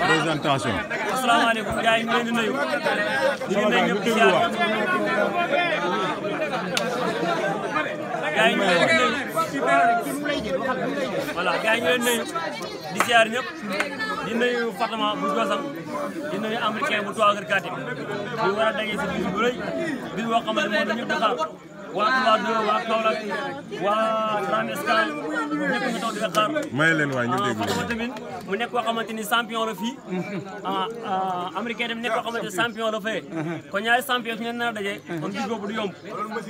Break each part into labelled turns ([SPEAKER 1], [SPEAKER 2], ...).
[SPEAKER 1] présentation présentation. asalaamaaleykum gars yi ñu ngi leen di nuyu. ñu ngi leen di nuyu gars yi ñu leen nuyu voilà gars di ziar ñëpp di nuyu Fatama bu Joosam di nuyu américain bu Touagar Katim bi war a daje si bis bu rëy bis boo xamante ne moom la ñëpp di xaar waa Touba waa Kaolack waa Grand Escale ñëpp nga toog di xaar. may leen waay ñu ah, dégg tamit mu nekk koo xamante ni champion la fii. Ah, ah, américain dem nekk koo xamante ni champion la fee. kon ñaari champion su ñu nar a daje. kon gis boobu du yomb.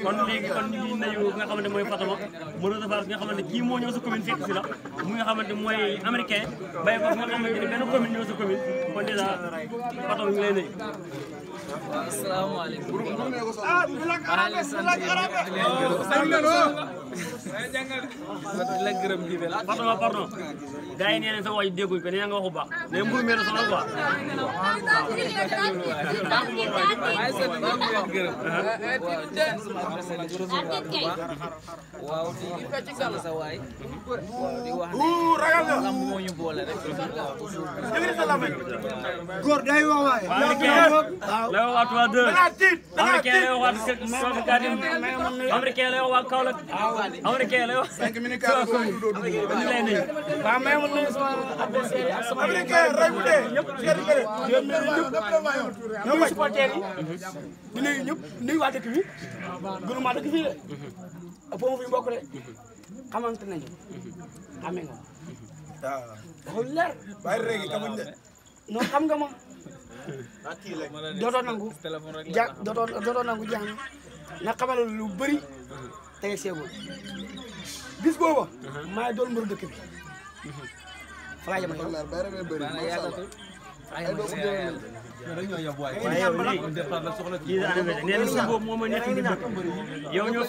[SPEAKER 1] kon léegi kon ñu ngi nuyu nga xamante mooy Fatama mu recevoir nga xamante kii moo ñëw sa commune fekk si la mu nga xamante mooy américain bàyyi ko nga xamante ni benn commune ñëw sa commune kon dèjà Fatama ñu ngi lay nuyu. السلام عليكم آه، آه، la gërëm ji la pardon pardon gars yi nee nañ sa wax ji dégguñ ko nee nga wax bu baax mais mburu mi la soxla quoi waaw di fecc sala sa waay di wax ni ragal nga am moo ñu boole rek dëgg sa la may góor day wax waay la wax waa deux américain la wax waa Kaolack américain la yow. cinq minutes kaay boo ko doon dund. waaw lay nañu waaw mais mu nuyu sama adversaire yi ak sama. américain rey bu dee. ñëpp ñëpp supporters yi. nuyu ñëpp nuyu waa dëkk bi. gënu maa dëkk fii de. foofu fi mbokk de. xamante nañu. amee nga. waaw. Ah. waxul leer. bàyyi rek xamuñ de. non xam nga moom. Ah, dootoo nangu. ja dootoo dootoo nangu jàng. ndax xamal lu bëri tey seegul bis booba maay doon mbëru dëkk bi falaa yama yow yow ñoo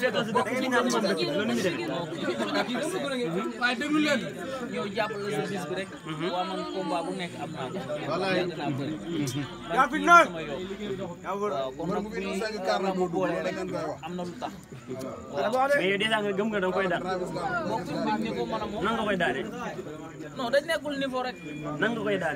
[SPEAKER 1] fekk si dëkk bi ñu naan man dëkk loolu mi def. waaye déglu leen yow jàppale sa bis bi rek. waa man combat bu nekk am naa ko. yàgg naa bëri. yaa fi naan da nga koy daal. moom a koy daal non koy daal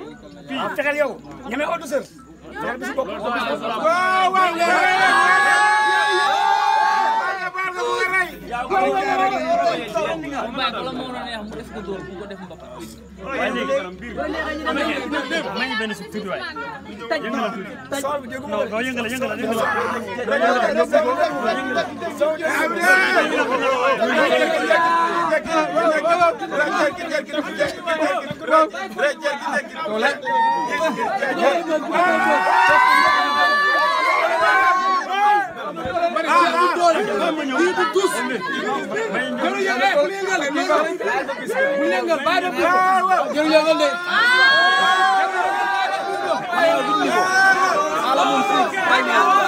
[SPEAKER 1] waaw ah, fexeel yow ñeme oduseur fexeel Alamun sih, banyak.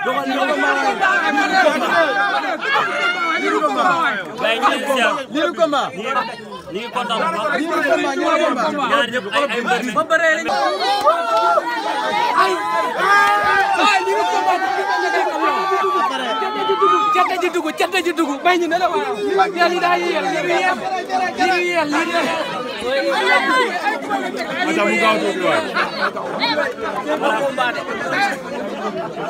[SPEAKER 1] liiru combat liiru combat cata ji dugg cata ji dugg bay ñu ne la waaw yàlla yi daa yéex li yéex li yéex li yéex. ma tax mu gaaw tuuti waay.